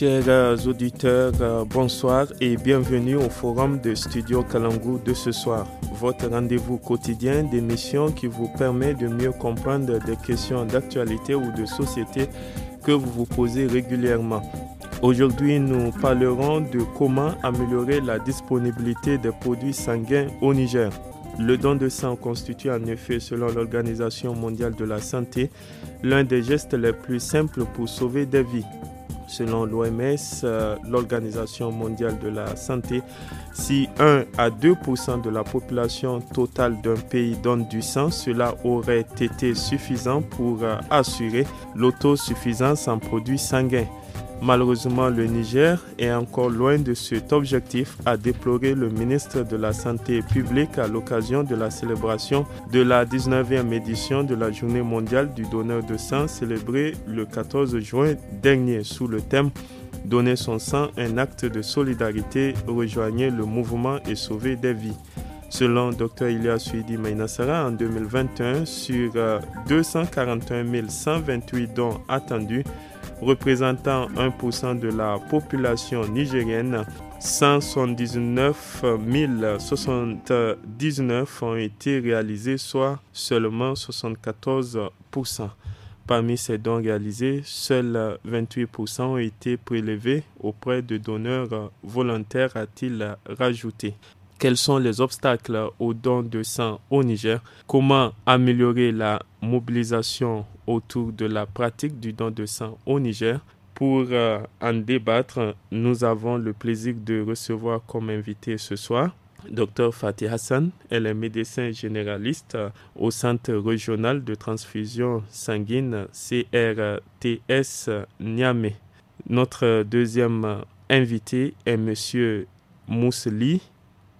chers auditeurs, euh, bonsoir et bienvenue au forum de Studio Kalangu de ce soir, votre rendez-vous quotidien d'émission qui vous permet de mieux comprendre des questions d'actualité ou de société que vous vous posez régulièrement. Aujourd'hui, nous parlerons de comment améliorer la disponibilité des produits sanguins au Niger. Le don de sang constitue en effet, selon l'Organisation mondiale de la santé, l'un des gestes les plus simples pour sauver des vies. Selon l'OMS, euh, l'Organisation mondiale de la santé, si 1 à 2 de la population totale d'un pays donne du sang, cela aurait été suffisant pour euh, assurer l'autosuffisance en produits sanguins. Malheureusement, le Niger est encore loin de cet objectif, a déploré le ministre de la Santé publique à l'occasion de la célébration de la 19e édition de la Journée mondiale du donneur de sang célébrée le 14 juin dernier sous le thème Donner son sang, un acte de solidarité, rejoignez le mouvement et sauver des vies. Selon Dr. Ilia Suidi en 2021, sur 241 euh, 128 dons attendus, représentant 1% de la population nigérienne, 179 079 ont été réalisés, soit seulement 74%. Parmi ces dons réalisés, seuls 28% ont été prélevés auprès de donneurs volontaires, a-t-il rajouté quels sont les obstacles aux dons de sang au Niger, comment améliorer la mobilisation autour de la pratique du don de sang au Niger. Pour euh, en débattre, nous avons le plaisir de recevoir comme invité ce soir Dr Fatih Hassan, elle est médecin généraliste euh, au Centre régional de transfusion sanguine CRTS Niamey. Notre deuxième euh, invité est M. Moussli.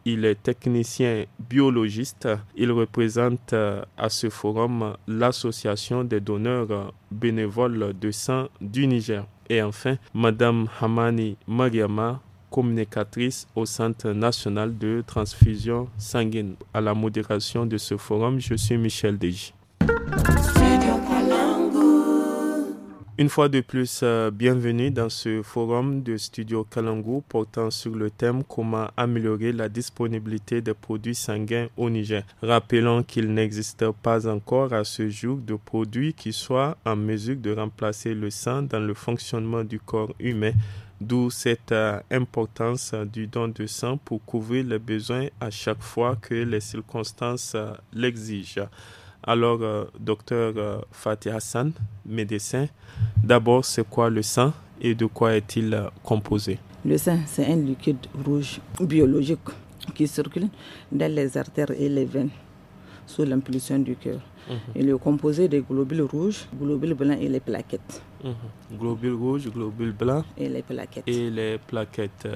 Il est technicien biologiste. Il représente euh, à ce forum l'association des donneurs euh, bénévoles de sang du Niger. Et enfin, Madame Hamani Mariama, communicatrice au Centre national de transfusion sanguine. À la modération de ce forum, je suis Michel Deji. Une fois de plus, euh, bienvenue dans ce forum de Studio Kalangu portant sur le thème comment améliorer la disponibilité des produits sanguins au Niger. Rappelons qu'il n'existe pas encore à ce jour de produits qui soient en mesure de remplacer le sang dans le fonctionnement du corps humain d'où cette euh, importance du don de sang pour couvrir les besoins à chaque fois que les circonstances euh, l'exigent. Alors, euh, docteur euh, Fatih Hassan, médecin, d'abord, c'est quoi le sang et de quoi est-il euh, composé Le sang, c'est un liquide rouge biologique qui circule dans les artères et les veines sous l'impulsion du cœur. Mhm. Il est composé des globules rouges, globules blancs et les plaquettes. Mhm. Globules rouges, globules blancs. Et les plaquettes. Et les plaquettes.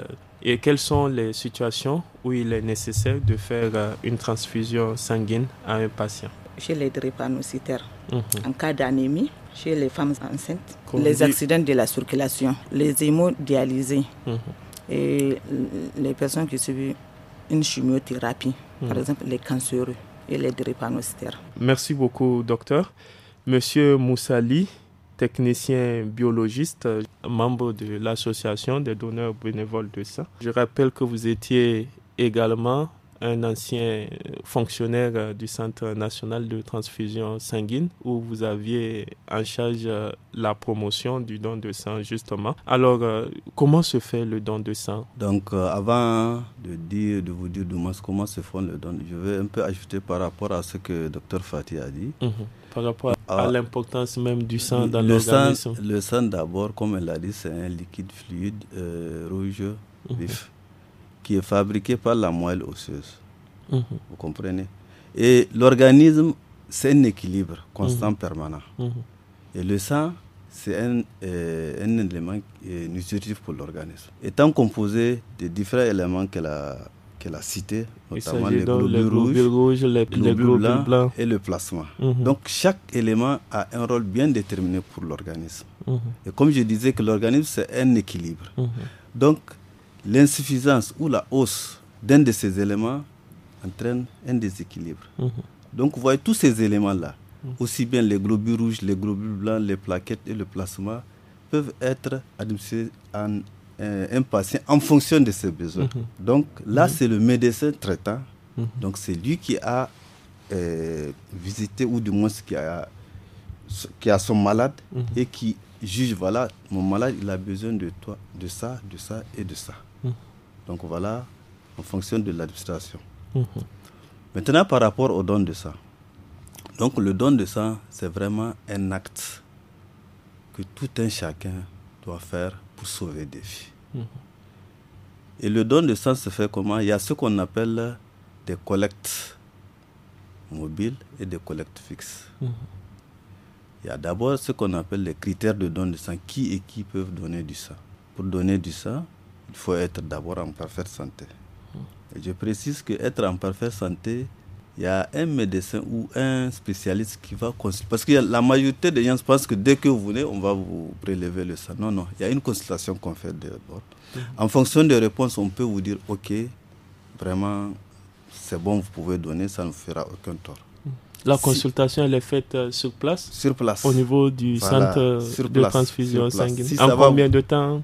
Et quelles sont les situations où il est nécessaire de faire une transfusion sanguine à un patient chez les drépanocytaires, mhm. en cas d'anémie, chez les femmes enceintes, les accidents de la circulation, les hémodialysés mhm. et les personnes qui subissent une chimiothérapie, par mhm. exemple les cancéreux et les drépanocytaires. Merci beaucoup, docteur. Monsieur Moussali, technicien biologiste, membre de l'association des donneurs bénévoles de sang. Je rappelle que vous étiez également un ancien euh, fonctionnaire euh, du Centre national de transfusion sanguine où vous aviez en charge euh, la promotion du don de sang justement. Alors, comment se fait le don de sang Donc, avant de dire, de vous dire comment se font le don, je vais un peu ajouter par rapport à ce que docteur Fatih a dit. Mhm. par rapport à, ah. l'importance même du sang dans l'organisme Le sang, le sang d'abord, comme elle l'a dit, c'est un liquide fluide rouge mhm. vif qui est fabriqué par la moelle osseuse. Mhm. Vous comprenez Et l'organisme, c'est un équilibre constant, mhm. permanent. Mhm. Et le sang, c'est un, euh, un, élément euh, nutritif pour l'organisme. Étant composé de différents éléments qu'elle a, que la cités, notamment les globules, rouges, les, globules, blancs, et le plasma. Donc chaque élément a un rôle bien déterminé pour l'organisme. Et comme je disais que l'organisme, c'est un équilibre. Donc l'insuffisance ou la hausse d'un de ces éléments entraîne un déséquilibre. Mhm. Donc vous voyez tous ces éléments-là, mhm. aussi bien les globules rouges, les globules blancs, les plaquettes et le plasma, peuvent être administrés à euh, un patient en fonction de ses besoins. Mhm. Donc là, c'est le médecin traitant. Donc c'est lui qui a euh, visité ou du moins qui a, qui a son malade et qui juge, voilà, mon malade, il a besoin de toi, de ça, de ça et de ça. Donc voilà, en fonction de l'administration. Mhm. Maintenant, par rapport au don de sang. Donc le don de sang, c'est vraiment un acte que tout un chacun doit faire pour sauver des vies. Mhm. Et le don de sang se fait comment Il y a ce qu'on appelle des collectes mobiles et des collectes fixes. Mhm. Il y a d'abord ce qu'on appelle les critères de don de sang. Qui et qui peuvent donner du sang Pour donner du sang, il faut être d'abord en parfaite santé. Et je précise que être en parfaite santé, il y a un médecin ou un spécialiste qui va consulter. Parce que la majorité des gens pensent que dès que vous venez, on va vous prélever le sang. Non, non, il y a une consultation qu'on fait d'abord. Mhm. En fonction des réponses, on peut vous dire, OK, vraiment, c'est bon, vous pouvez donner, ça ne vous fera aucun tort. Mhm. La consultation, elle est faite euh, sur place Sur place. Au niveau du centre de transfusion sanguine. Si en combien de temps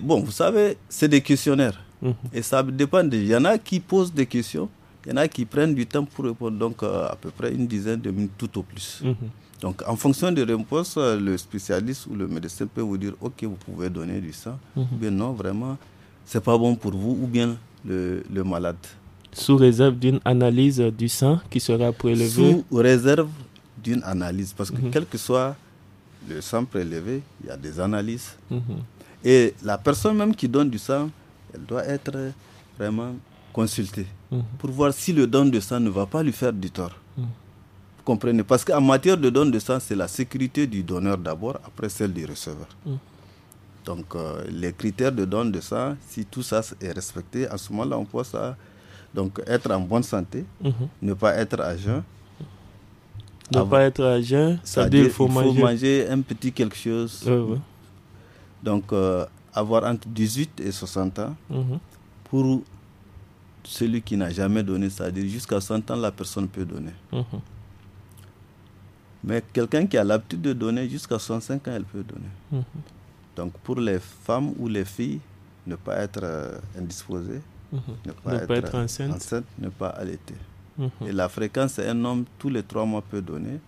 bon, vous savez, c'est des questionnaires. Mhm. Et ça dépend. Il y en a qui posent des questions, il y en a qui prennent du temps pour répondre, donc euh, à peu près une dizaine de minutes tout au plus. Mhm. Donc en fonction des réponses, euh, le spécialiste ou le médecin peut vous dire, OK, vous pouvez donner du sang, mhm. ou bien non, vraiment, c'est pas bon pour vous, ou bien le, le malade. Sous réserve d'une analyse du sang qui sera prélevée Sous réserve d'une analyse, parce que quel que soit le sang prélevé, il y a des analyses. Et la personne même qui donne du sang, elle doit être vraiment consultée mmh. pour voir si le don de sang ne va pas lui faire du tort. Mmh. Vous comprenez Parce qu'en matière de don de sang, c'est la sécurité du donneur d'abord, après celle du receveur. Mmh. Donc euh, les critères de don de sang, si tout ça est respecté, à ce moment-là, on peut ça. Donc être en bonne santé, ne pas être à jeun, ne pas être à jeun, ça veut dire qu'il faut, manger. un petit quelque chose. Donc, euh, avoir entre 18 et 60 ans, mhm. pour celui qui n'a jamais donné, c'est-à-dire jusqu'à 100 ans, la personne peut donner. Mhm. Mais quelqu'un qui a l'habitude de donner jusqu'à 65 ans, elle peut donner. Mhm. Donc pour les femmes ou les filles, ne pas être euh, indisposées, ne pas, être, ne pas allaiter. Et la fréquence, un homme tous les trois mois peut donner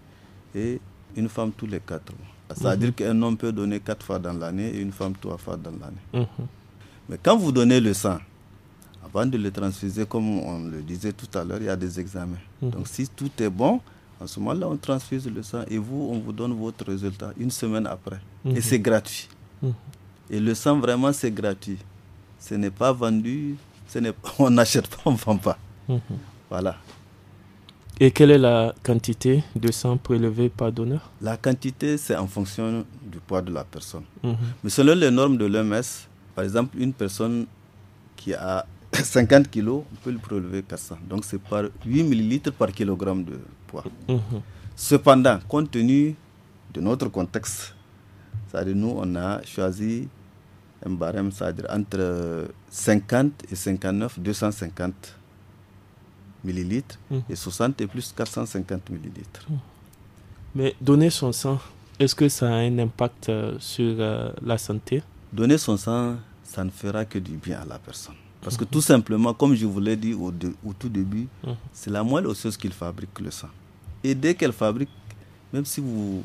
et une femme tous les quatre mois. C'est-à-dire mhm. qu'un homme peut donner quatre fois dans l'année et une femme trois fois dans l'année. Mhm. Mais quand vous donnez le sang, avant de le transfuser, comme on le disait tout à l'heure, il y a des examens. Mhm. Donc si tout est bon, en ce moment-là, on transfuse le sang et vous, on vous donne votre résultat une semaine après. Et c'est gratuit. Et le sang, vraiment, c'est gratuit. Ce n'est pas vendu, ce on n'achète pas, on ne vend pas. Voilà. Et quelle est la quantité de sang prélevé par donneur La quantité, c'est en fonction du poids de la personne. Mhm. Mais selon les normes de l'OMS, par exemple, une personne qui a 50 kilos on peut le prélever 400. Donc c'est par 8 ml par kilogramme de poids. Mhm. Cependant, compte tenu de notre contexte, c'est-à-dire nous, on a choisi un barème, c'est-à-dire entre 50 et 59, 250 millilitres mmh. et 60 et plus 450 millilitres. Mmh. Mais donner son sang, est-ce que ça a un impact euh, sur euh, la santé Donner son sang, ça ne fera que du bien à la personne. Parce que mmh. tout simplement, comme je vous l'ai dit au, tout début, c'est la moelle osseuse qui fabrique le sang. Et dès qu'elle fabrique, même si vous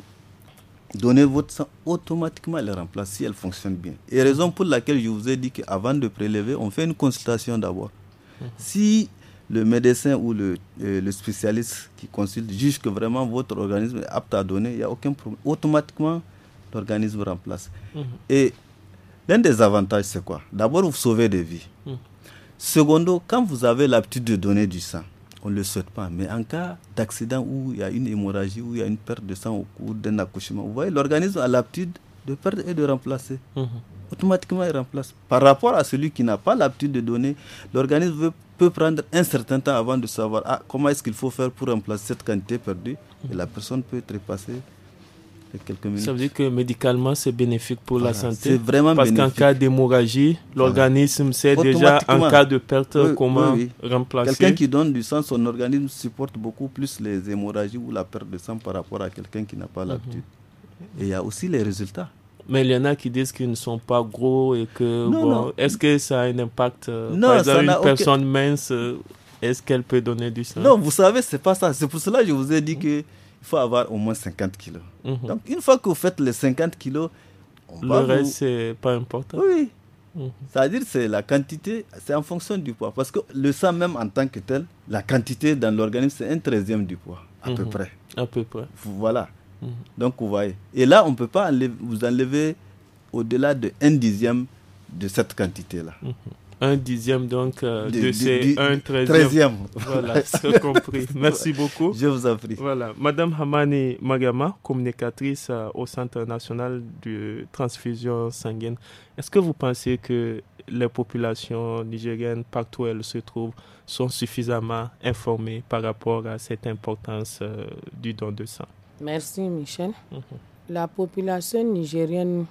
donnez votre sang, automatiquement elle remplace si elle fonctionne bien. Et raison pour laquelle je vous ai dit qu'avant de prélever, on fait une consultation d'abord. Si le médecin ou le, euh, le, spécialiste qui consulte juge que vraiment votre organisme est apte à donner, il n'y a aucun problème. Automatiquement, l'organisme remplace. Mhm. Et l'un des avantages, c'est quoi D'abord, vous sauvez des vies. Mhm. Secondo, quand vous avez l'habitude de donner du sang, on ne le souhaite pas, mais en cas d'accident où il y a une hémorragie, où il y a une perte de sang au cours d'un accouchement, vous voyez, l'organisme a l'habitude de perdre et de remplacer. Mhm. automatiquement il remplace. Par rapport à celui qui n'a pas l'habitude de donner, l'organisme veut peut prendre un certain temps avant de savoir ah, comment est-ce qu'il faut faire pour remplacer cette quantité perdue. Et la personne peut être trépasser quelques minutes. Ça veut dire que médicalement, c'est bénéfique pour la santé. C'est vraiment Parce qu'en cas d'hémorragie, l'organisme sait déjà, en cas de perte, comment remplacer. Quelqu'un qui donne du sang, son organisme supporte beaucoup plus les hémorragies ou la perte de sang par rapport à quelqu'un qui n'a pas mhm. l'habitude. Et il y a aussi les résultats. Mais il y en a qui disent qu'ils ne sont pas gros et que. Est-ce que ça a un impact euh, Par exemple, une personne mince, euh, est-ce qu'elle peut donner du sang Non, vous savez, c'est pas ça. C'est pour cela que je vous ai dit qu'il il faut avoir au moins 50 kilos. Mhm. Donc, une fois que vous faites les 50 kilos, on le reste, ce c'est pas important. Oui. Mhm. C'est-à-dire, c'est la quantité, c'est en fonction du poids. Parce que le sang, même en tant que tel, la quantité dans l'organisme, c'est un treizième du poids, à peu mhm. près. À peu près. Voilà. Donc, vous voyez. Et là, on ne peut pas vous enlever au-delà de un dixième de cette quantité-là. Mhm. Un dixième, donc, euh, de, ces un treizième. Voilà, c'est compris. Merci beaucoup. Je vous en prie. Voilà. Madame Hamani Magama, communicatrice euh, au Centre national de transfusion sanguine, est-ce que vous pensez que les populations nigériennes, partout où elles se trouvent, sont suffisamment informées par rapport à cette importance euh, du don de sang Merci Michel. Mhm. La population nigérienne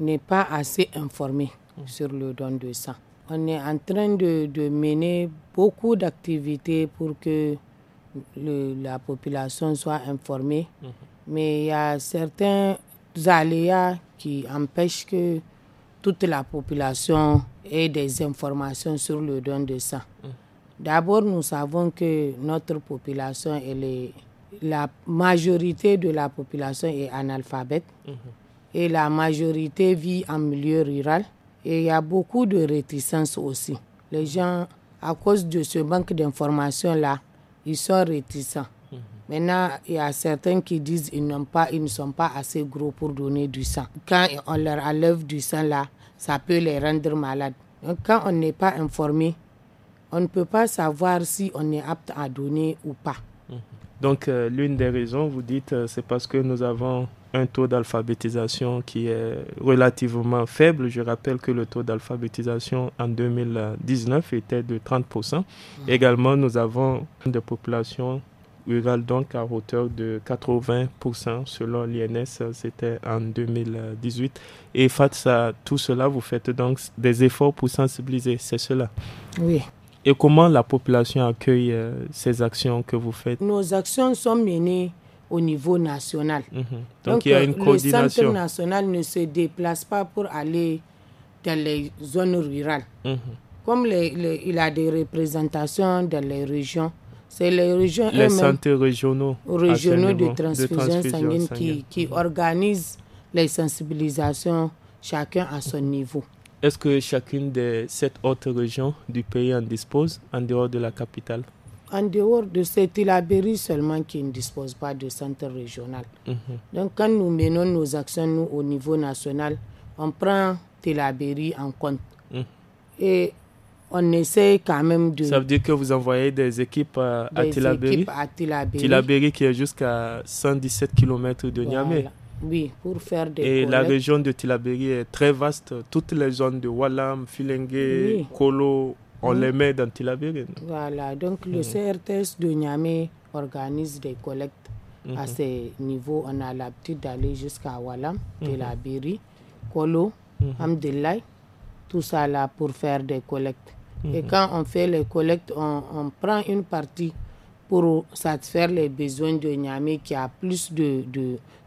n'est pas assez informée mhm. sur le don de sang. On est en train de, mener beaucoup d'activités pour que la population soit informée, mhm. mais il y a certains aléas qui empêchent que toute la population ait des informations sur le don de sang. D'abord, nous savons que notre population elle est la majorité de la population est analphabète mhm. et la majorité vit en milieu rural et il y a beaucoup de réticences aussi. Les gens, à cause de ce manque d'informations-là, ils sont réticents. Mhm. Maintenant, il y a certains qui disent qu'ils pas, ils ne sont pas assez gros pour donner du sang. Quand on leur enlève du sang là, ça peut les rendre malades. quand on n'est pas informé, on ne peut pas savoir si on est apte à donner ou pas. Mhm. Donc, euh, l'une des raisons, vous dites, euh, c'est parce que nous avons un taux d'alphabétisation qui est relativement faible. Je rappelle que le taux d'alphabétisation en 2019 était de 30%. Mmh. Également, nous avons des populations rurales, donc à hauteur de 80%, selon l'INS, c'était en 2018. Et face à tout cela, vous faites donc des efforts pour sensibiliser, c'est cela. Oui. Et comment la population accueille euh, ces actions que vous faites Nos actions sont menées au niveau national. Mhm. Donc, il y a euh, une coordination. Le centre national ne se déplace pas pour aller dans les zones rurales. Mhm. Comme les, il a des représentations dans les régions, c'est les régions les centres régionaux, régionaux de transfusion, sanguine, qui, qui organisent les sensibilisations, chacun à son niveau. Est-ce que chacune des sept autres régions du pays en dispose en dehors de la capitale En dehors de ces seulement qui ne dispose pas de centre régional. Mhm. Donc quand nous menons nos actions nous, au niveau national, on prend Tilabéry en compte. Mhm. Et on essaie quand même de... Ça veut dire que vous envoyez des équipes à, des équipes à Tilabéry. qui est jusqu'à 117 km de Niamey. Oui, pour faire des. Et la région de Tilaberi est très vaste. Toutes les zones de Walam, Filengue, Kolo, on hmm. les met dans Tilaberi. Voilà, donc le hmm. CRTS de Niamey organise des collectes à mhm. ces niveaux. On a l'habitude d'aller jusqu'à Walam, mhm. Tilaberi, Kolo, mhm. Amdelay, tout ça là pour faire des collectes. Et quand on fait les collectes, on, prend une partie pour satisfaire les besoins de Niamey qui a plus de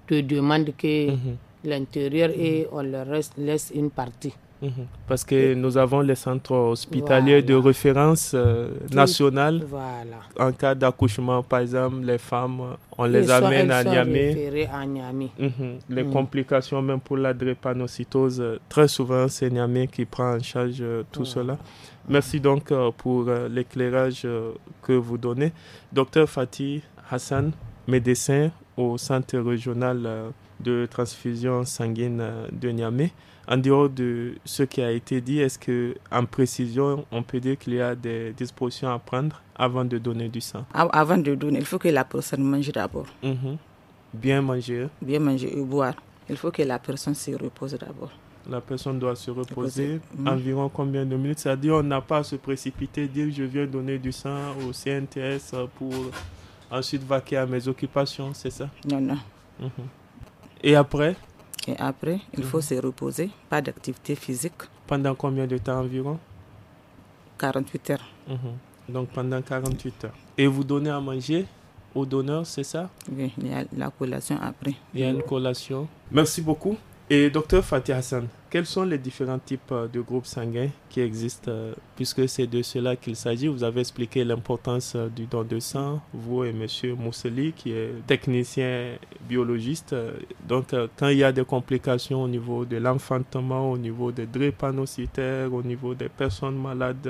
te demandent que mhm. l'intérieur et on leur reste, laisse une partie. Mhm. Parce que nous avons les centres hospitaliers de référence euh, nationale. Voilà. En cas d'accouchement, par exemple, les femmes, on les, amène à Niamey. Mhm. Les complications, même pour la drépanocytose, euh, très souvent, c'est Niamey qui prend en charge euh, tout cela. Merci donc pour l'éclairage que vous donnez. Docteur Fatih Hassan, médecin, au centre régional euh, de transfusion sanguine euh, de Niamey. En dehors de ce qui a été dit, est-ce que, en précision, on peut dire qu'il y a des dispositions à prendre avant de donner du sang Avant de donner, il faut que la personne mange d'abord. Mm-hmm. Bien manger. Bien manger et boire. Il faut que la personne se repose d'abord la personne doit se reposer mm-hmm. environ combien de minutes C'est-à-dire, on n'a pas à se précipiter, dire je viens donner du sang au CNTS pour ensuite vaquer à mes occupations, c'est ça Non, non. Mhm. Et après Et après, il faut mhm. se reposer, pas d'activité physique. Pendant combien de temps environ 48 heures. Mhm. Donc pendant 48 heures. Et vous donnez à manger aux donneurs, c'est ça Oui, il y a la collation après. Il y a une collation. Merci beaucoup. Et docteur Fatih Hassan, quels sont les différents types euh, de groupes sanguins qui existent euh, Puisque c'est de cela qu'il s'agit, vous avez expliqué l'importance euh, du don de sang, vous et monsieur Mousseli, qui est technicien biologiste. Donc, quand il y a des complications au niveau de l'enfantement, au niveau des drépanocytaires, au niveau des personnes malades,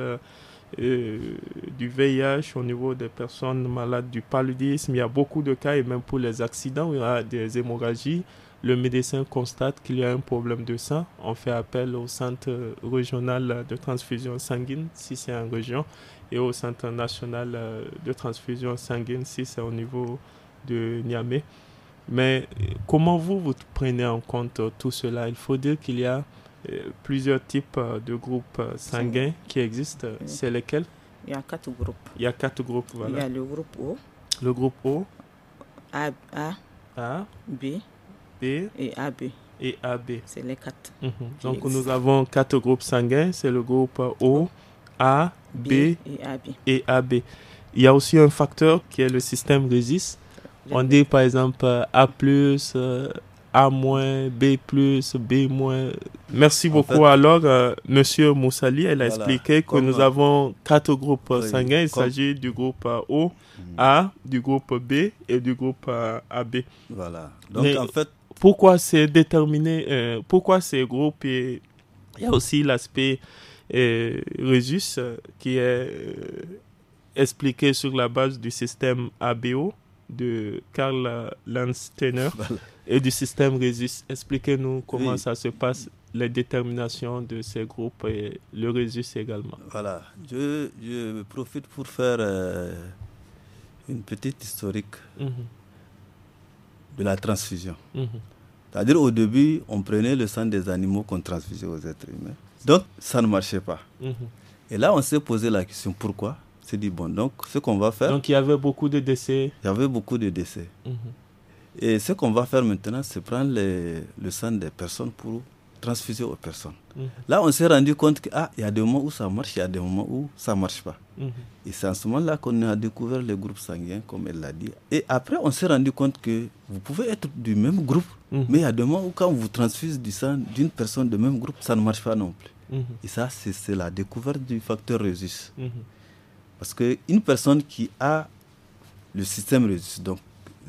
du VIH, au niveau des personnes malades du paludisme. Il y a beaucoup de cas, et même pour les accidents, il y a des hémorragies. Le médecin constate qu'il y a un problème de sang. On fait appel au centre régional de transfusion sanguine si c'est en région et au centre national euh, de transfusion sanguine si c'est au niveau de Niamey. Mais comment vous, vous prenez en compte tout cela Il faut dire qu'il y a euh, plusieurs types euh, de groupes sanguins qui existent. C'est lesquels Il y a quatre groupes. Il y a quatre groupes, voilà. Il y a le groupe O. Le groupe O. A. A. A. B et AB. Et AB. C'est les quatre. Mhm. Donc nous avons quatre groupes sanguins. C'est le groupe O, A, B, et, AB. Il y a aussi un facteur qui est le système résiste. On dit par exemple A, euh, A-, B, B-. Merci beaucoup. Alors, euh, Monsieur Moussali, elle a expliqué que nous avons quatre groupes sanguins. Il s'agit du groupe O, mm. A, du groupe B et du groupe euh, AB. Voilà. Donc, en fait, pourquoi c'est déterminé, euh, pourquoi ces groupes, il y a aussi l'aspect euh, euh qui est euh, expliqué sur la base du système ABO de Karl Landsteiner et du système Résus. Expliquez-nous comment ça se passe, les déterminations de ces groupes et le Résus également. Voilà, je, profite pour faire une petite historique. Mhm de la transfusion. Mhm. C'est-à-dire au début, on prenait le sang des animaux qu'on transfusait aux êtres humains. Donc, ça ne marchait pas. Mhm. Et là, on s'est posé la question pourquoi C'est dit, bon, donc, ce qu'on va faire. Donc, il y avait beaucoup de décès. Il y avait beaucoup de décès. Mhm. Et ce qu'on va faire maintenant, c'est prendre le sang des personnes pour transfuser aux personnes. Mhm. Là, on s'est rendu compte qu'il ah, y a des moments où ça marche, il y a des moments où ça ne marche pas. Mhm. Et c'est en ce moment-là qu'on a découvert le groupe sanguin, comme elle l'a dit. Et après, on s'est rendu compte que vous pouvez être du même groupe, mhm. mais il y a des moments où quand vous transfuse du sang d'une personne de même groupe, ça ne marche pas non plus. Et ça, c'est la découverte du facteur Résus. Parce qu'une personne qui a le système Résus, donc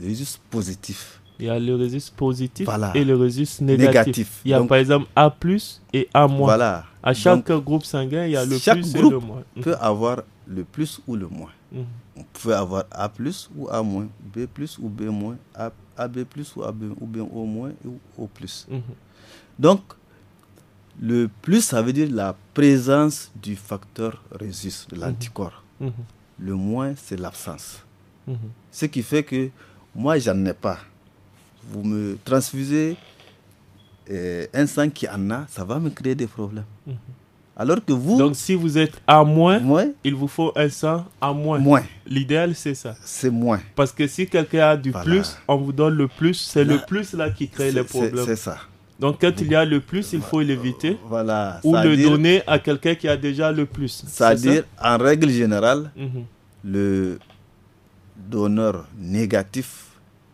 Résus positif, il y a le registre positif et le résus négatif. Il y a par exemple A plus et A moins. À chaque groupe sanguin, il y a le plus et le moins. peut avoir le plus ou le moins. Mhm. On peut avoir A plus ou A moins, B plus ou B AB plus ou AB, ou bien O moins ou O plus. Mhm. Donc, le plus, ça veut dire la présence du facteur résus de mhm. l'anticorps. Le moins, c'est l'absence. Ce qui fait que moi, j'en ai pas vous me transfusez euh, un sang qui en a, ça va me créer des problèmes. Mhm. Alors que vous. Donc si vous êtes à moins, il vous faut un sang à moins. moins. L'idéal, c'est ça. C'est moins. Parce que si quelqu'un a du plus, on vous donne le plus. C'est le plus là qui crée les problèmes. C'est ça. Donc quand il y a le plus, il faut l'éviter. Voilà. Ou le donner à quelqu'un qui a déjà le plus. C'est-à-dire, en règle générale, mhm. le donneur négatif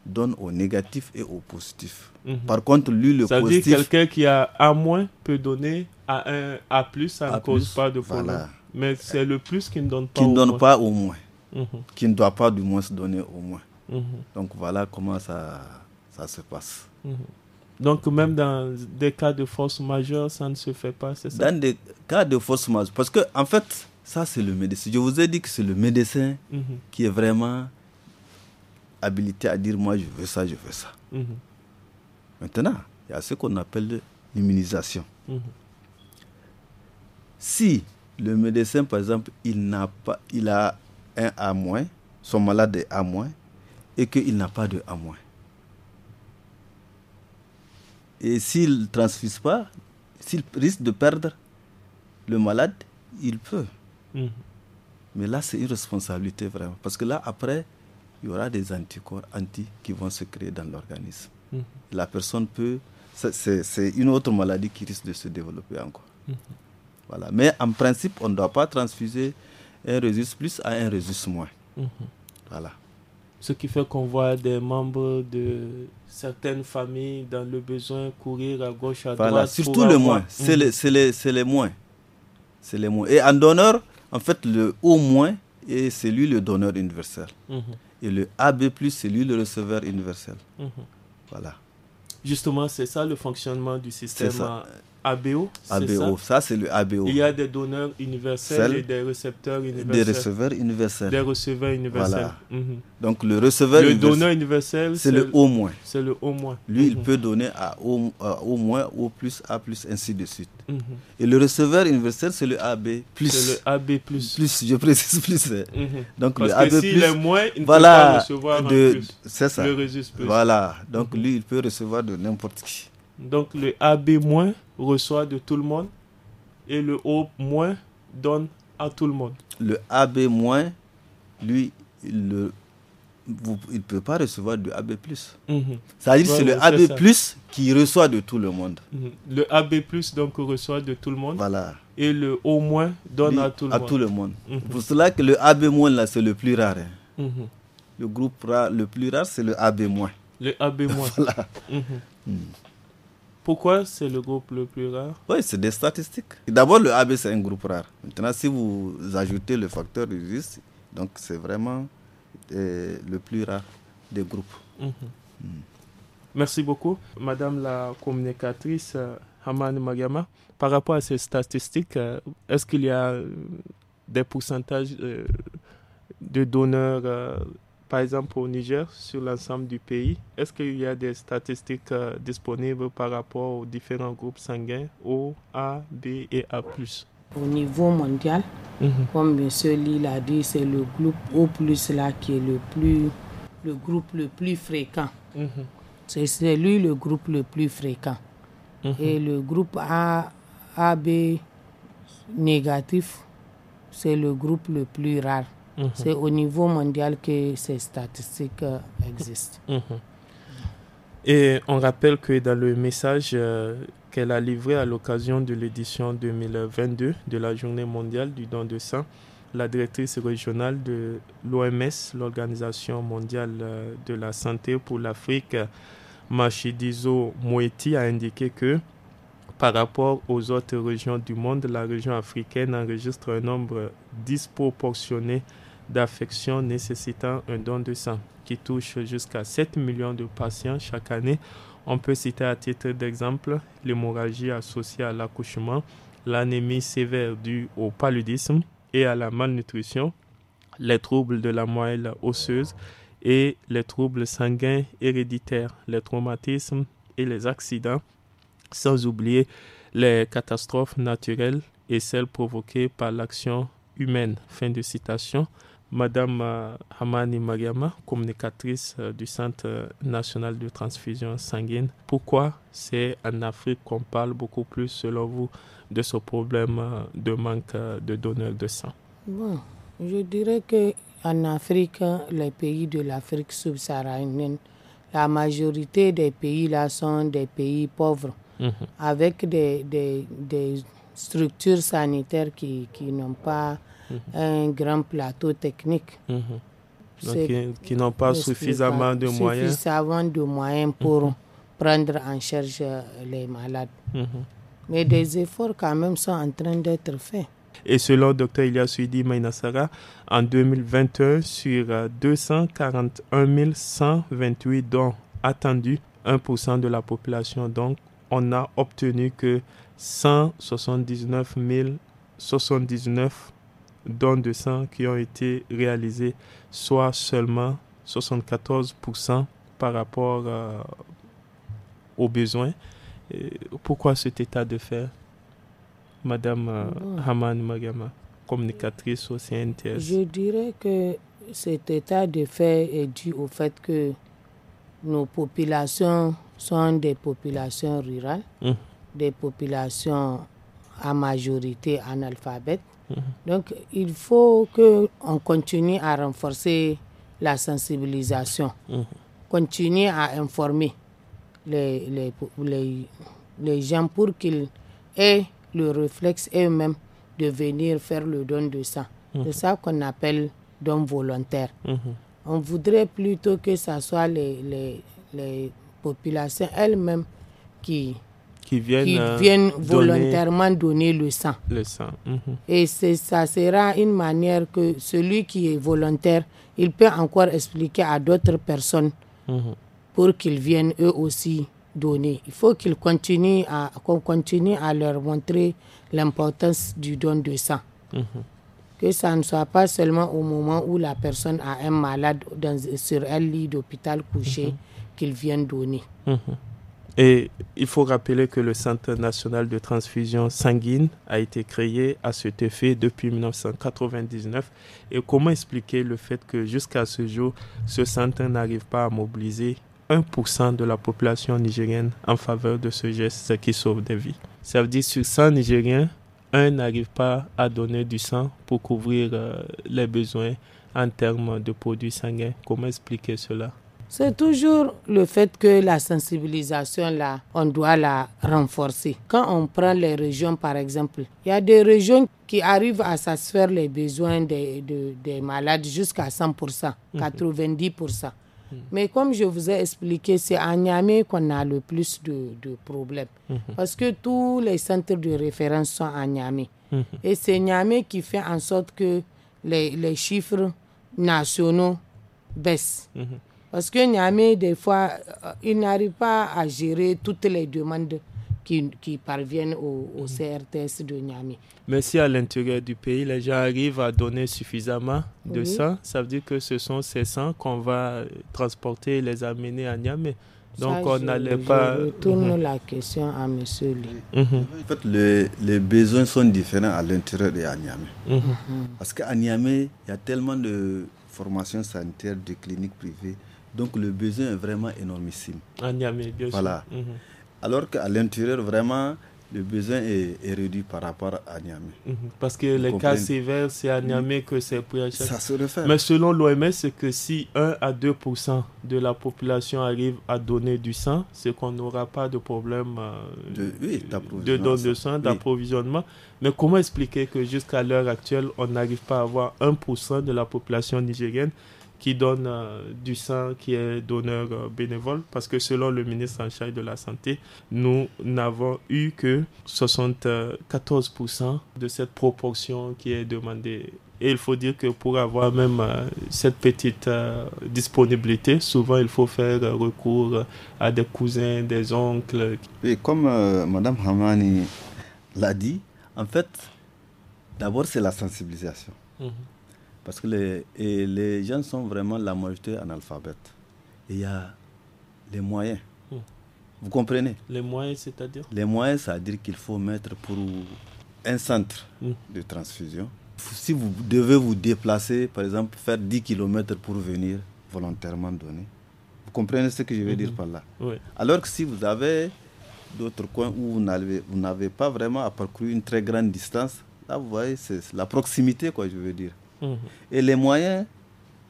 donne au négatif et au positif. Mhm. Par contre, lui, le positif... Ça veut dire quelqu'un qui a moins peut donner à un à plus, ça ne cause pas de problème. Mais c'est le plus qui ne donne pas qui ne donne pas au moins. Mhm. Qui ne doit pas du moins se donner au moins. Mhm. Donc voilà comment ça, ça se passe. Donc même dans des cas de force majeure, ça ne se fait pas, c'est ça Dans des cas de force majeure. Parce que en fait, ça c'est le médecin. Je vous ai dit que c'est le médecin qui est vraiment habilité à dire moi je veux ça, je veux ça. Mhm. Maintenant, il y a ce qu'on appelle l'immunisation. Mhm. Si le médecin, par exemple, il, n'a pas, il a un A moins, son malade est A moins, et qu'il n'a pas de A moins. Et s'il ne transfuse pas, s'il risque de perdre le malade, il peut. Mhm. Mais là, c'est une responsabilité vraiment. Parce que là, après, il y aura des anticorps anti qui vont se créer dans l'organisme. Mhm. La personne peut. C'est une autre maladie qui risque de se développer encore. Mhm. Voilà. Mais en principe, on ne doit pas transfuser un résus plus à un résus moins. Mhm. Voilà. Ce qui fait qu'on voit des membres de certaines familles dans le besoin courir à gauche, à voilà. droite. Surtout le moins. C'est les, les, les moins. C'est les moins. Et en donneur, en fait, le au moins, est c'est lui le donneur universel. Et le AB, c'est lui le receveur universel. Mhm. Voilà. Justement, c'est ça le fonctionnement du système hein. ABO. ça, ça c'est le ABO. Il y a des donneurs universels et des récepteurs universels. Des receveurs universels. Des receveurs universels. Voilà. Mhm. Donc le receveur Le universel, donneur universel, c'est le au moins. C'est le au moins. Lui, il mhm. peut donner à au, au, moins, au plus, à plus, ainsi de suite. Mhm. Et le receveur universel, c'est le AB plus. C'est le AB plus. Plus, je précise plus. Hein. Donc Parce le AB que plus. Est moins, il voilà, ne peut pas recevoir de, C'est ça. Le Voilà. Donc lui, il peut recevoir de n'importe qui. Donc le AB- reçoit de tout le monde et le O- donne à tout le monde. Le AB-, lui, il ne peut pas recevoir de AB+. plus. Mhm. C'est-à-dire que c'est le AB+, plus qui reçoit de tout le monde. Mhm. Le AB+, donc reçoit de tout le monde. Et le O- donne à tout le monde. Tout le mhm. Pour cela que le AB-, là, c'est le plus rare. Hein. Le groupe le plus rare, c'est le AB-. Le AB-. voilà. Mm. Pourquoi c'est le groupe le plus rare Oui, c'est des statistiques. D'abord, le AB, c'est un groupe rare. Maintenant, si vous ajoutez le facteur risque, donc c'est vraiment euh, le plus rare des groupes. Mhm. Mm. Merci beaucoup, Madame la communicatrice euh, Hamane Magama. Par rapport à ces statistiques, euh, est-ce qu'il y a des pourcentages de donneurs par exemple au Niger, sur l'ensemble du pays, est-ce qu'il y a des statistiques euh, disponibles par rapport aux différents groupes sanguins O, A, B et A ⁇ Au niveau mondial, mhm. comme M. Lee l'a dit, c'est le groupe O ⁇ là qui est le, plus, le groupe le plus fréquent. Mhm. C'est lui le groupe le plus fréquent. Mhm. Et le groupe A, AB négatif, c'est le groupe le plus rare. Mhm. C'est au niveau mondial que ces statistiques euh, existent. Mhm. Et on rappelle que dans le message euh, qu'elle a livré à l'occasion de l'édition 2022 de la Journée mondiale du don de sang, la directrice régionale de l'OMS, l'Organisation mondiale euh, de la santé pour l'Afrique, Machidizo Moeti, a indiqué que par rapport aux autres régions du monde, la région africaine enregistre un nombre disproportionné d'affections nécessitant un don de sang, qui touche jusqu'à 7 millions de patients chaque année. On peut citer à titre d'exemple l'hémorragie associée à l'accouchement, l'anémie sévère due au paludisme et à la malnutrition, les troubles de la moelle osseuse et les troubles sanguins héréditaires, les traumatismes et les accidents, sans oublier les catastrophes naturelles et celles provoquées par l'action humaine. Fin de citation. Madame euh, Hamani magyama communicatrice euh, du Centre euh, national de transfusion sanguine, pourquoi c'est en Afrique qu'on parle beaucoup plus, selon vous, de ce problème de manque de donneurs de sang je dirais que en Afrique, les pays de l'Afrique subsaharienne, la majorité des pays là sont des pays pauvres, mhm. avec des, structures sanitaires qui n'ont pas Mhm. un grand plateau technique. Mhm. qui, n'ont pas suffisamment de moyens. Suffisamment de moyens pour mhm. prendre en charge euh, les malades. Mais des efforts quand même sont en train d'être faits. Et selon docteur Ilia Suidi Mainasara en 2021, sur 241 euh, 128 dons attendus, 1% de la population, donc on a obtenu que 179 079 dons de sang qui ont été réalisés, soit seulement 74% par rapport euh, aux besoins. pourquoi cet état de fait, Madame euh, Haman Magama, communicatrice au CNTS Je dirais que cet état de fait est dû au fait que nos populations sont des populations rurales, hum. des populations à majorité analphabètes. Donc, il faut qu'on continue à renforcer la sensibilisation, continuer à informer les, les, les, gens pour qu'ils aient le réflexe eux-mêmes de venir faire le don de sang. C'est ça qu'on appelle don volontaire. On voudrait plutôt que ce soit les, les populations elles-mêmes qui qui viennent, euh, volontairement donner, le sang. Le sang. Mhm. Et ça sera une manière que celui qui est volontaire, il peut encore expliquer à d'autres personnes mhm. pour qu'ils viennent eux aussi donner. Il faut qu'ils continuent à, qu'on continue à leur montrer l'importance du don de sang. Mhm. Que ça ne soit pas seulement au moment où la personne a un malade dans, sur un lit d'hôpital couché qu'ils viennent donner. Et il faut rappeler que le Centre national de transfusion sanguine a été créé à cet effet depuis 1999. Et comment expliquer le fait que jusqu'à ce jour, ce centre n'arrive pas à mobiliser 1% de la population nigérienne en faveur de ce geste qui sauve des vies Ça veut dire sur 100 Nigériens, un n'arrive pas à donner du sang pour couvrir euh, les besoins en termes de produits sanguins. Comment expliquer cela c'est toujours le fait que la sensibilisation, là, on doit la renforcer. Quand on prend les régions, par exemple, il y a des régions qui arrivent à satisfaire les besoins des, des malades jusqu'à 100%, 90%. Mhm. Mhm. Mais comme je vous ai expliqué, c'est à Niamey qu'on a le plus de, de problèmes. Mhm. Parce que tous les centres de référence sont à Niamey. Et c'est Niamey qui fait en sorte que les, les chiffres nationaux baissent. Parce que Niamey, des fois, euh, il n'arrive pas à gérer toutes les demandes qui, parviennent au, mm. CRTS de Niamey. Mais si à l'intérieur du pays, les gens arrivent à donner suffisamment de sang, ça veut dire que ce sont ces sangs qu'on va transporter et les amener à Niamey. Donc on n'allait pas. Je retourne mhm. la question à M. Lee. Mhm. En fait, les, besoins sont différents à l'intérieur de Niamey. Mhm. Parce qu'à Niamey, il y a tellement de formations sanitaires, de cliniques privées donc le besoin est vraiment énormissime. À Niamey, bien sûr. Mhm. Alors qu'à l'intérieur, vraiment, le besoin est, réduit par rapport à Niamey. Mhm. Parce que les cas sévères, c'est à mm. Niamey que c'est pris Ça se refait. Mais selon l'OMS, c'est que si 1 à 2 de la population arrive à donner du sang, c'est qu'on n'aura pas de problème euh, de, don de sang, d'approvisionnement. Mais comment expliquer que jusqu'à l'heure actuelle, on n'arrive pas à avoir 1 de la population nigérienne qui donne euh, du sang, qui est donneur euh, bénévole, parce que selon le ministre en charge de la Santé, nous n'avons eu que 74% de cette proportion qui est demandée. Et il faut dire que pour avoir même euh, cette petite disponibilité, souvent il faut faire recours à des cousins, des oncles. Et comme Madame Hamani l'a dit, en fait, d'abord c'est la sensibilisation. Mhm. Parce que les, les gens sont vraiment la majorité analphabète. Il y a les moyens. Hmm. Vous comprenez Les moyens, c'est-à-dire Les moyens, c'est-à-dire qu'il faut mettre pour un centre hmm. de transfusion. Si vous devez vous déplacer, par exemple, faire 10 km pour venir volontairement donner, vous comprenez ce que je veux dire hmm. par là. Oui. Alors que si vous avez d'autres coins où vous n'avez pas vraiment parcouru une très grande distance, là, vous voyez, c'est la proximité, quoi, je veux dire. Mhm. Et les moyens,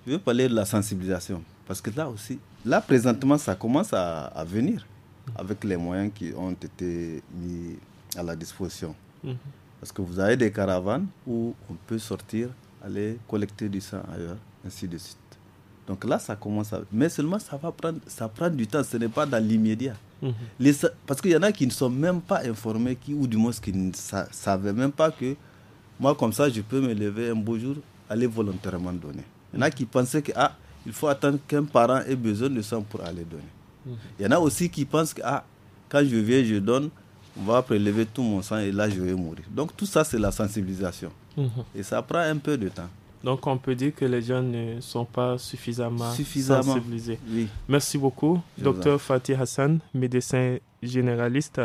je veux parler de la sensibilisation. Parce que là aussi, là présentement, ça commence à, venir avec les moyens qui ont été mis à la disposition. Mhm. Parce que vous avez des caravanes où on peut sortir, aller collecter du sang ailleurs, ainsi de suite. Donc là, ça commence à... Mais seulement, ça va prendre, ça prend du temps, ce n'est pas dans l'immédiat. Mhm. Parce qu'il y en a qui ne sont même pas informés, qui, ou du moins qui ne savaient même pas que moi, comme ça, je peux me lever un beau jour, aller volontairement donner. Il y en a qui pensaient que ah, il faut attendre qu'un parent ait besoin de sang pour aller donner. Mhm. Il y en a aussi qui pensent que ah, quand je viens, je donne, on va prélever tout mon sang et là, je vais mourir. Donc tout ça, c'est la sensibilisation. Mhm. Et ça prend un peu de temps. Donc on peut dire que les gens ne sont pas suffisamment, sensibilisés. Merci beaucoup, docteur Fatih Hassan, médecin généraliste.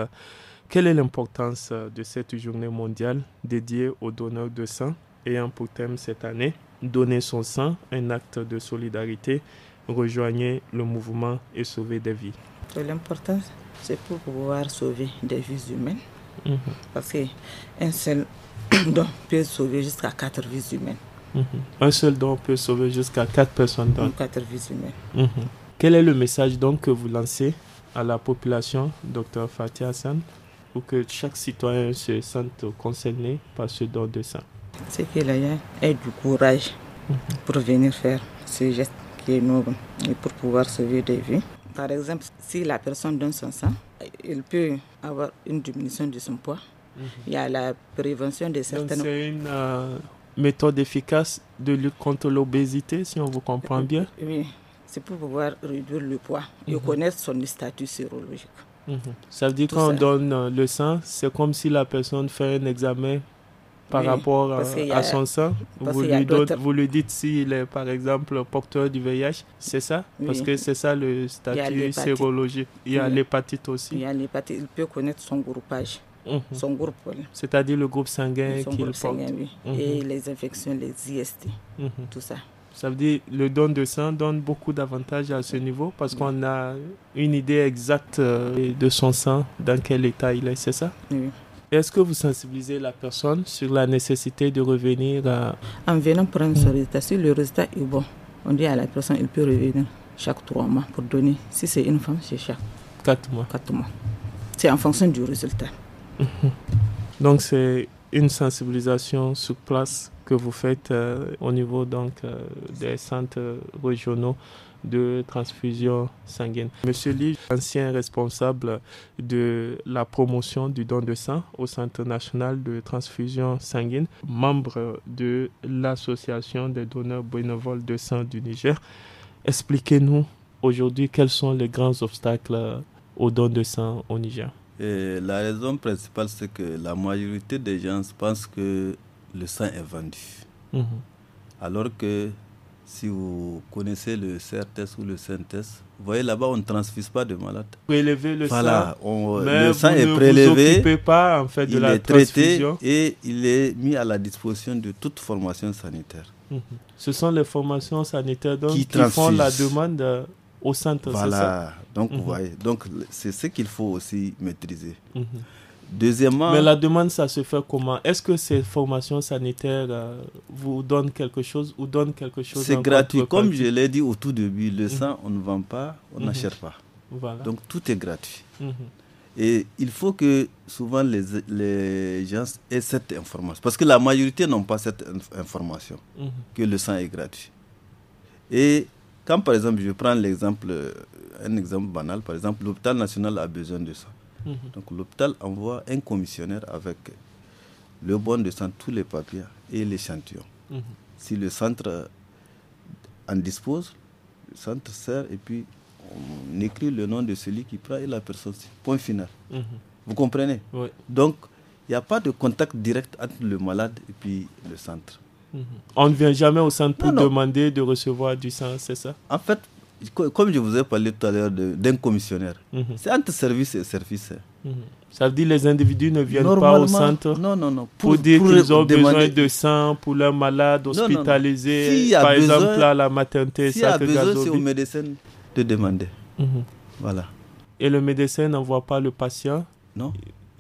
Quelle est l'importance de cette journée mondiale dédiée aux donneurs de sang ayant pour thème cette année Donner son sang, un acte de solidarité. Rejoignez le mouvement et sauver des vies. L'important, c'est pour pouvoir sauver des vies humaines. Mhm. Parce qu'un seul don peut sauver jusqu'à quatre vies humaines. Mhm. Un seul don peut sauver jusqu'à quatre personnes. Dans... vies humaines. Mhm. Quel est le message donc que vous lancez à la population, docteur Fatih Hassan, pour que chaque citoyen se sente concerné par ce don de sang c'est qu'il ait du courage pour venir faire ce geste qui est noble et pour pouvoir sauver des vies. Par exemple, si la personne donne son sang, il peut avoir une diminution de son poids. Mhm. Il y a la prévention de certaines... C'est une euh, méthode efficace de lutte contre l'obésité, si on vous comprend bien. Oui, c'est pour pouvoir réduire le poids et connaissent mhm. connaître son statut sérologique. Mhm. Ça veut dire qu'on donne euh, le sang, c'est comme si la personne fait un examen par rapport à, son sang vous lui, dites s'il est, par exemple, porteur du VIH, c'est ça Parce que c'est ça le statut sérologique. Il y a l'hépatite aussi. Il y a l'hépatite. Il peut connaître son groupage. Mhm. son groupe. C'est-à-dire le groupe sanguin qu'il porte. Sanguin, mhm. Et les infections, les IST, mhm. tout ça. Ça veut dire le don de sang donne beaucoup d'avantages à ce niveau parce qu'on a une idée exacte euh, de son sang, dans quel état il est, c'est ça Oui. Est-ce que vous sensibilisez la personne sur la nécessité de revenir à... En venant prendre ce résultat, si le résultat est bon, on dit à la personne il peut revenir chaque trois mois pour donner. Si c'est une femme, c'est chaque... Quatre mois. Quatre mois. C'est en fonction du résultat. Donc c'est une sensibilisation sur place que vous faites euh, au niveau donc, euh, des centres euh, régionaux de transfusion sanguine. Monsieur Lee, ancien responsable de la promotion du don de sang au Centre national de transfusion sanguine, membre de l'Association des donneurs bénévoles de sang du Niger. Expliquez-nous aujourd'hui quels sont les grands obstacles au don de sang au Niger. Et la raison principale, c'est que la majorité des gens pensent que le sang est vendu. Mhm. Alors que si vous connaissez le CRTS ou le SENTES, vous voyez là-bas, on ne transfuse pas de malades. Prélever le sang. Voilà, le sang est ne prélevé. pas en fait de il la est traité et il est mis à la disposition de toute formation sanitaire. Mhm. Ce sont les formations sanitaires donc, qui, font la demande au centre. Voilà, donc vous mhm. voyez, donc c'est ce qu'il faut aussi maîtriser. Mhm. Deuxièmement. Mais la demande, ça se fait comment Est-ce que ces formations sanitaires euh, vous donnent quelque chose ou donnent quelque chose C'est gratuit. Comme je l'ai dit au tout début, le mhm. sang, on ne vend pas, on mhm. n'achète pas. Donc tout est gratuit. Mhm. Et il faut que souvent les, gens aient cette information. Parce que la majorité n'ont pas cette information, que le sang est gratuit. Et quand, par exemple, je prends l'exemple, euh, un exemple banal, par exemple, l'hôpital national a besoin de sang. Mhm. Donc l'hôpital envoie un commissionnaire avec le bon de sang, tous les papiers et l'échantillon. Mhm. Si le centre en dispose, le centre sert et puis on écrit le nom de celui qui prend et la personne. Point final. Mhm. Vous comprenez Donc il n'y a pas de contact direct entre le malade et puis le centre. On ne vient jamais au centre pour demander de recevoir du sang, c'est ça En fait, comme je vous ai parlé tout à l'heure d'un commissionnaire, mhm. c'est entre service et service. Mhm. Ça veut dire que les individus ne viennent pas au centre Pour, dire qu'ils ont besoin de sang pour leur malade hospitalisé, par exemple à la maternité. S'il y a besoin, c'est au médecin de demander. Mhm. Voilà. Et le médecin n'envoie pas le patient Non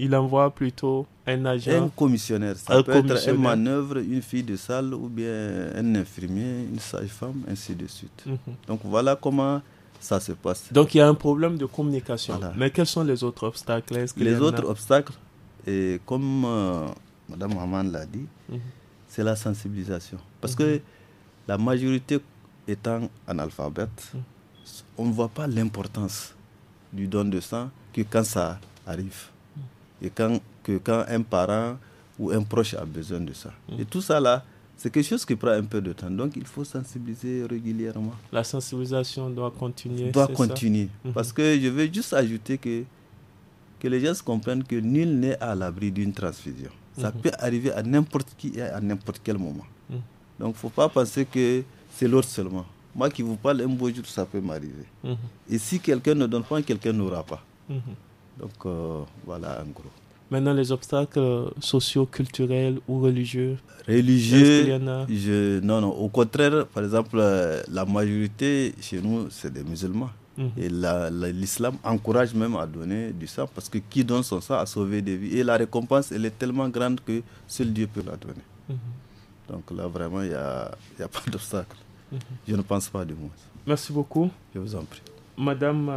il envoie plutôt un agent. Un commissionnaire, ça peut être un manœuvre, une fille de salle ou bien un infirmier, une sage-femme, ainsi de suite. Mhm. Donc voilà comment ça se passe. Donc il y a un problème de communication. Mais quels sont les autres obstacles Les autres obstacles, et comme euh, Madame Mme Haman l'a dit, mhm. c'est la sensibilisation. Parce mhm. que la majorité étant analphabète, on ne voit pas l'importance du don de sang que quand ça arrive et quand, que quand un parent ou un proche a besoin de ça. Hmm. Et tout ça là, c'est quelque chose qui prend un peu de temps. Donc il faut sensibiliser régulièrement. La sensibilisation doit continuer. Doit continuer. Hmm. Parce que je veux juste ajouter que, que les gens comprennent que nul n'est à l'abri d'une transfusion. Ça hmm. peut arriver à n'importe qui et à n'importe quel moment. Donc il ne faut pas penser que c'est l'autre seulement. Moi qui vous parle, un beau jour, ça peut m'arriver. Et si quelqu'un ne donne pas, quelqu'un n'aura pas. Donc euh, voilà en gros. Maintenant, les obstacles sociaux, culturels ou religieux Religieux, non, non. Au contraire, par exemple, euh, la majorité chez nous, c'est des musulmans. Mhm. Et l'islam encourage même à donner du sang parce que qui donne son sang a sauvé des vies. Et la récompense, elle est tellement grande que seul Dieu peut la donner. Mhm. Donc là, vraiment, il n'y a, pas d'obstacle. Mhm. Je ne pense pas du moins. Merci beaucoup. Je vous en prie. Madame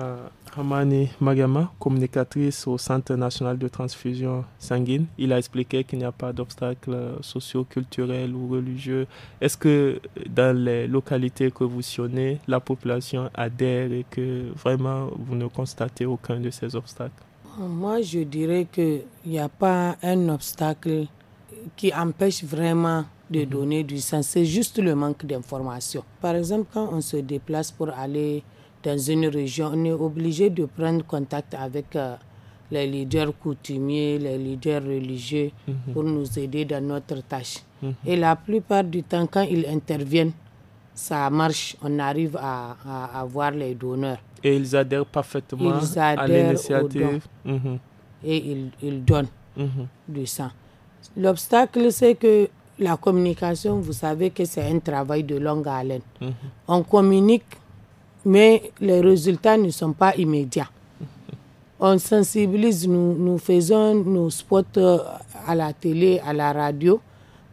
Ramani euh, Magama, communicatrice au Centre national de transfusion sanguine, il a expliqué qu'il n'y a pas d'obstacles euh, sociaux, culturels ou religieux. Est-ce que dans les localités que vous sionnez, la population adhère et que vraiment vous ne constatez aucun de ces obstacles Moi, je dirais qu'il n'y a pas un obstacle qui empêche vraiment de mhm. donner du sang. C'est juste le manque d'informations. Par exemple, quand on se déplace pour aller dans une région, on est obligé de prendre contact avec euh, les leaders coutumiers, les leaders religieux mhm. pour nous aider dans notre tâche. Mhm. Et la plupart du temps, quand ils interviennent, ça marche, on arrive à, à, les donneurs. Et ils adhèrent parfaitement à l'initiative. Mhm. Et ils, ils donnent du sang. L'obstacle, c'est que la communication, vous savez que c'est un travail de longue haleine. On communique mais les résultats ne sont pas immédiats. On sensibilise, nous, nous faisons nos spots euh, à la télé, à la radio.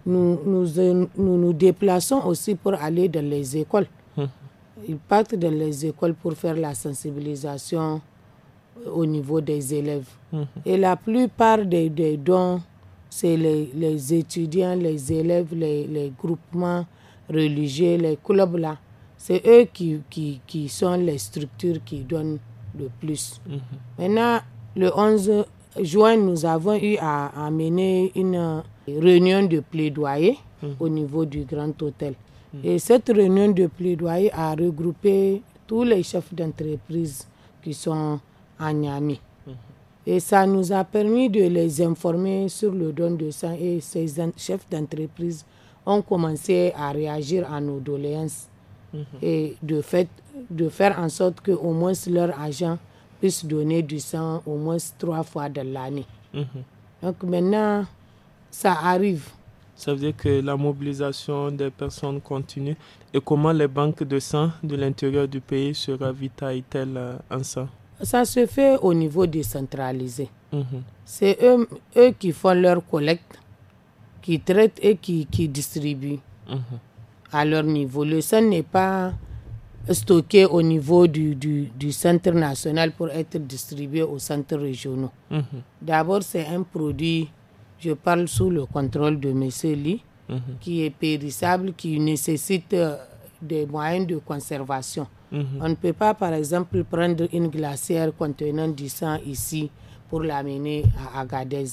Nous nous, nous, déplaçons aussi pour aller dans les écoles. Hmm. Ils partent dans les écoles pour faire la sensibilisation euh, au niveau des élèves. Hmm. Et la plupart des, des dons, c'est les, étudiants, les élèves, les groupements religieux, les clubs là c'est eux qui, qui, qui, sont les structures qui donnent le plus. Mhm. Maintenant, le 11 juin, nous avons eu à, amener mener une réunion de plaidoyer mhm. au niveau du Grand Hôtel. Mhm. Et cette réunion de plaidoyer a regroupé tous les chefs d'entreprise qui sont à Niamey. Et ça nous a permis de les informer sur le don de sang et ces chefs d'entreprise ont commencé à réagir à nos doléances Mhm. et de, fait, de faire en sorte que au moins leur agent puisse donner du sang au moins trois fois de l'année. Mhm. Donc maintenant, ça arrive. Ça veut dire que la mobilisation des personnes continue. Et comment les banques de sang de l'intérieur du pays se ravitaillent-elles euh, en sang Ça se fait au niveau décentralisé. Mhm. C'est eux, eux, qui font leur collecte, qui traitent et qui, qui distribuent à leur niveau. Le sang n'est pas stocké au niveau du, centre national pour être distribué aux centres régionaux. Mhm. D'abord, c'est un produit, je parle sous le contrôle de M. Lee, mhm. qui est périssable, qui nécessite euh, des moyens de conservation. Mhm. On ne peut pas, par exemple, prendre une glacière contenant du sang ici pour l'amener à Agadez,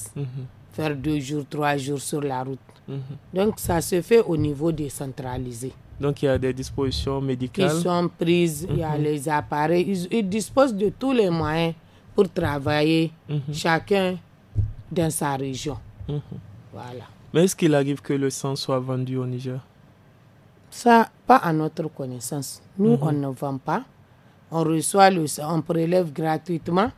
faire deux jours, trois jours sur la route. Mhm. Donc ça se fait au niveau décentralisé. Donc il y a des dispositions médicales. Qui sont prises, il y a mhm. les appareils. Ils, disposent de tous les moyens pour travailler mhm. chacun dans sa région. Voilà. Mais est-ce qu'il arrive que le sang soit vendu au Niger Ça, pas à notre connaissance. Nous, on ne vend pas on reçoit le sang on prélève gratuitement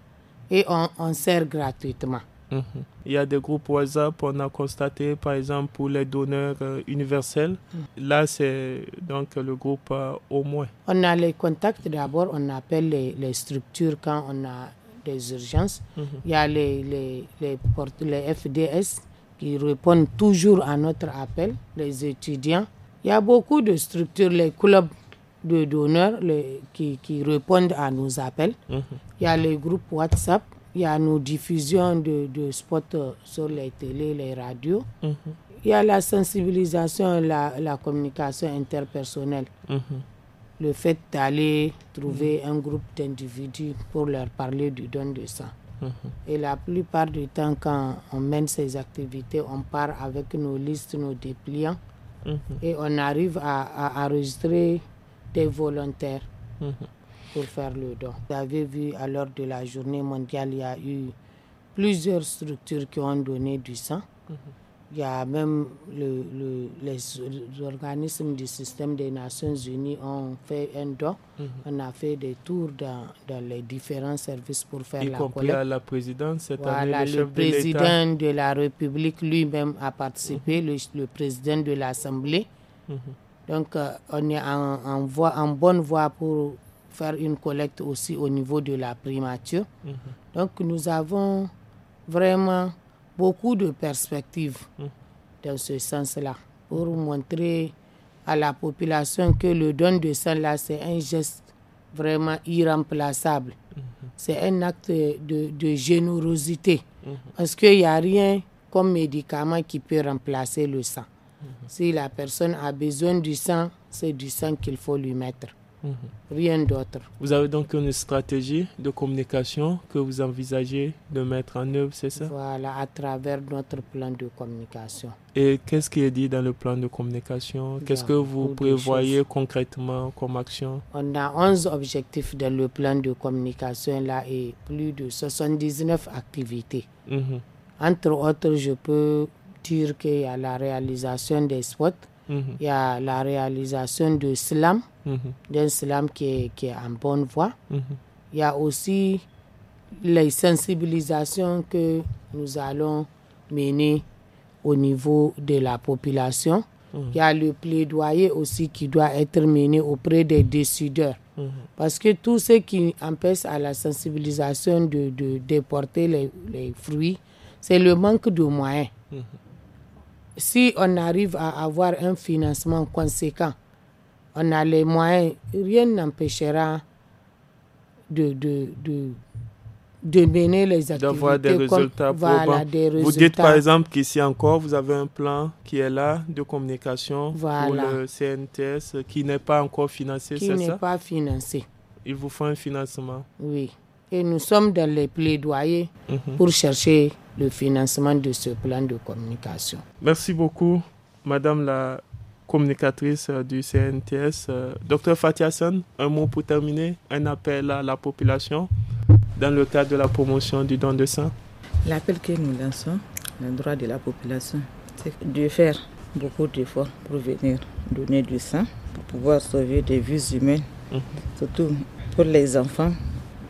et on, on sert gratuitement. Mhm. Il y a des groupes WhatsApp, on a constaté par exemple pour les donneurs euh, universels, mhm. là c'est donc le groupe euh, au moins. On a les contacts d'abord, on appelle les, structures quand on a des urgences. Mhm. Il y a les, les, les, FDS qui répondent toujours à notre appel, les étudiants. Il y a beaucoup de structures, les clubs de donneurs qui, répondent à nos appels. Il y a les groupes WhatsApp, il y a nos diffusions de, de spots euh, sur les télés, les radios. Mhm. Il y a la sensibilisation, la, la communication interpersonnelle. Mhm. Le fait d'aller trouver un groupe d'individus pour leur parler du don de sang. Mhm. Et la plupart du temps, quand on mène ces activités, on part avec nos listes, nos dépliants, et on arrive à, à enregistrer des volontaires pour faire le don. Vous avez vu, à l'heure de la journée mondiale, il y a eu plusieurs structures qui ont donné du sang. Mhm. Il y a même les organismes du système des Nations Unies ont fait un don. Mhm. On a fait des tours dans, les différents services pour faire y la compris À la présidente cette année, le, le président de, la République lui-même a participé, mhm. le, président de l'Assemblée. Donc euh, on est en bonne voie pour faire une collecte aussi au niveau de la primature. Mhm. Donc nous avons vraiment beaucoup de perspectives mhm. dans ce sens-là pour montrer à la population que le don de sang-là, c'est un geste vraiment irremplaçable. Mhm. C'est un acte de, de générosité parce qu'il n'y a rien comme médicament qui peut remplacer le sang. Si la personne a besoin du sang, c'est du sang qu'il faut lui mettre. Rien d'autre. Vous avez donc une stratégie de communication que vous envisagez de mettre en œuvre, c'est ça Voilà, à travers notre plan de communication. Et qu'est-ce qui est dit dans le plan de communication Qu'est-ce que vous prévoyez concrètement comme action On a 11 objectifs dans le plan de communication là et plus de 79 activités. Mhm. Entre autres, je peux dire qu'il y a la réalisation des spots Mhm. il y a la réalisation de slam, mhm. d'un slam qui est, en bonne voie. Mhm. Il y a aussi les sensibilisations que nous allons mener au niveau de la population. Il y a le plaidoyer aussi qui doit être mené auprès des décideurs. Parce que tout ce qui empêche à la sensibilisation de, de, porter les, fruits, c'est le manque de moyens si on arrive à avoir un financement conséquent, on a les moyens, rien n'empêchera de, de, de, mener les activités. D'avoir des résultats. Voilà, des Vous dites par exemple qu'ici encore, vous avez un plan qui est là de communication pour le CNTS qui n'est pas encore financé, c'est ça Qui n'est pas financé. Il vous faut un financement. Oui. Et nous sommes dans les plaidoyers mhm. pour chercher le financement de ce plan de communication. Merci beaucoup, Madame la communicatrice euh, du CNTS. Euh, docteur Fatih un mot pour terminer, un appel à la population dans le cadre de la promotion du don de sang. L'appel que nous lançons, le droit de la population, c'est de faire beaucoup d'efforts pour venir donner du sang, pour pouvoir sauver des vies humaines, mhm. surtout pour les enfants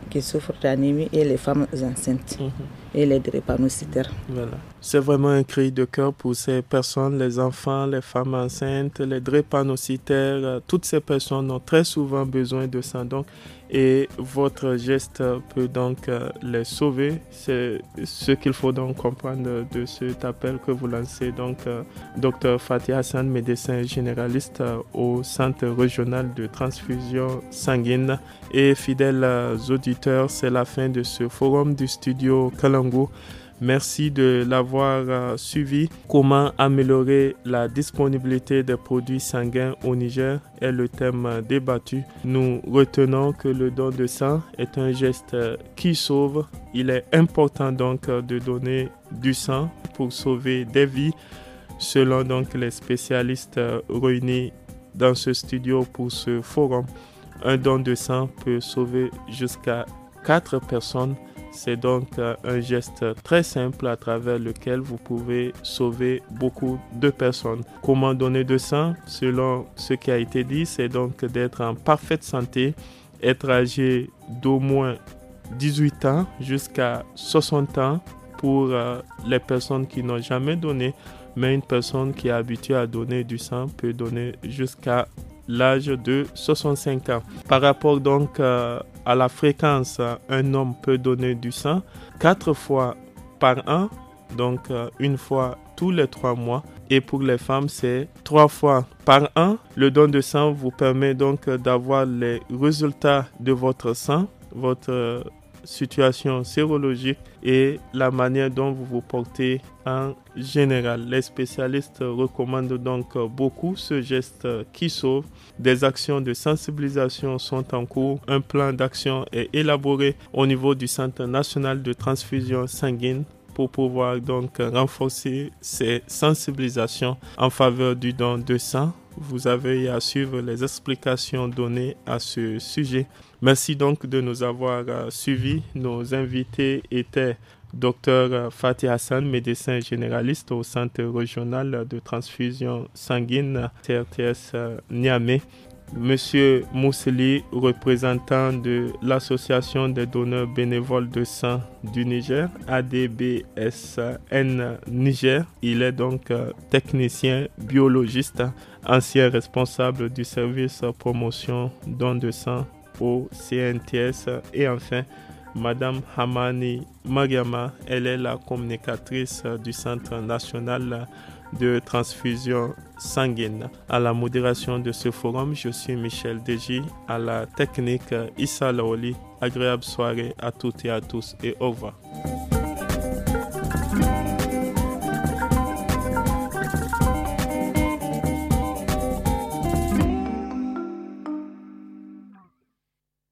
qui souffrent d'anémie et les femmes enceintes. Mhm et les drépanocytaires. Voilà. C'est vraiment un cri de cœur pour ces personnes, les enfants, les femmes enceintes, les drépanocytaires. Euh, toutes ces personnes ont très souvent besoin de sang. Donc, et votre geste peut donc euh, les sauver. C'est ce qu'il faut donc comprendre de cet appel que vous lancez. Donc, euh, Dr Fatih Hassan, médecin généraliste euh, au Centre régional de transfusion sanguine et fidèles auditeurs, c'est la fin de ce forum du studio Kalangu. Merci de l'avoir euh, suivi. Comment améliorer la disponibilité des produits sanguins au Niger est le thème euh, débattu. Nous retenons que le don de sang est un geste euh, qui sauve. Il est important donc de donner du sang pour sauver des vies, selon donc les spécialistes réunis dans ce studio pour ce forum. Un don de sang peut sauver jusqu'à 4 personnes c'est donc euh, un geste très simple à travers lequel vous pouvez sauver beaucoup de personnes. Comment donner de sang Selon ce qui a été dit, c'est donc d'être en parfaite santé, être âgé d'au moins 18 ans jusqu'à 60 ans pour euh, les personnes qui n'ont jamais donné, mais une personne qui est habituée à donner du sang peut donner jusqu'à l'âge de 65 ans. Par rapport donc euh, à la fréquence, euh, un homme peut donner du sang quatre fois par an, donc euh, une fois tous les trois mois. Et pour les femmes, c'est trois fois par an. Le don de sang vous permet donc d'avoir les résultats de votre sang, votre situation sérologique et la manière dont vous vous portez en général. Les spécialistes recommandent donc beaucoup ce geste qui sauve. Des actions de sensibilisation sont en cours. Un plan d'action est élaboré au niveau du Centre national de transfusion sanguine pour pouvoir donc renforcer ces sensibilisations en faveur du don de sang. Vous avez à suivre les explications données à ce sujet. Merci donc de nous avoir euh, suivis. Nos invités étaient Dr euh, Fatih Hassan, médecin généraliste au Centre régional de transfusion sanguine TRTS euh, Niamey. Monsieur Mousseli, représentant de l'Association des donneurs bénévoles de sang du Niger, ADBSN Niger. Il est donc technicien biologiste, ancien responsable du service promotion don de sang au CNTS. Et enfin, Madame Hamani Mariama, elle est la communicatrice du Centre national de transfusion sanguine. À la modération de ce forum, je suis Michel Deji, à la technique Issa Laoli. Agréable soirée à toutes et à tous et au revoir.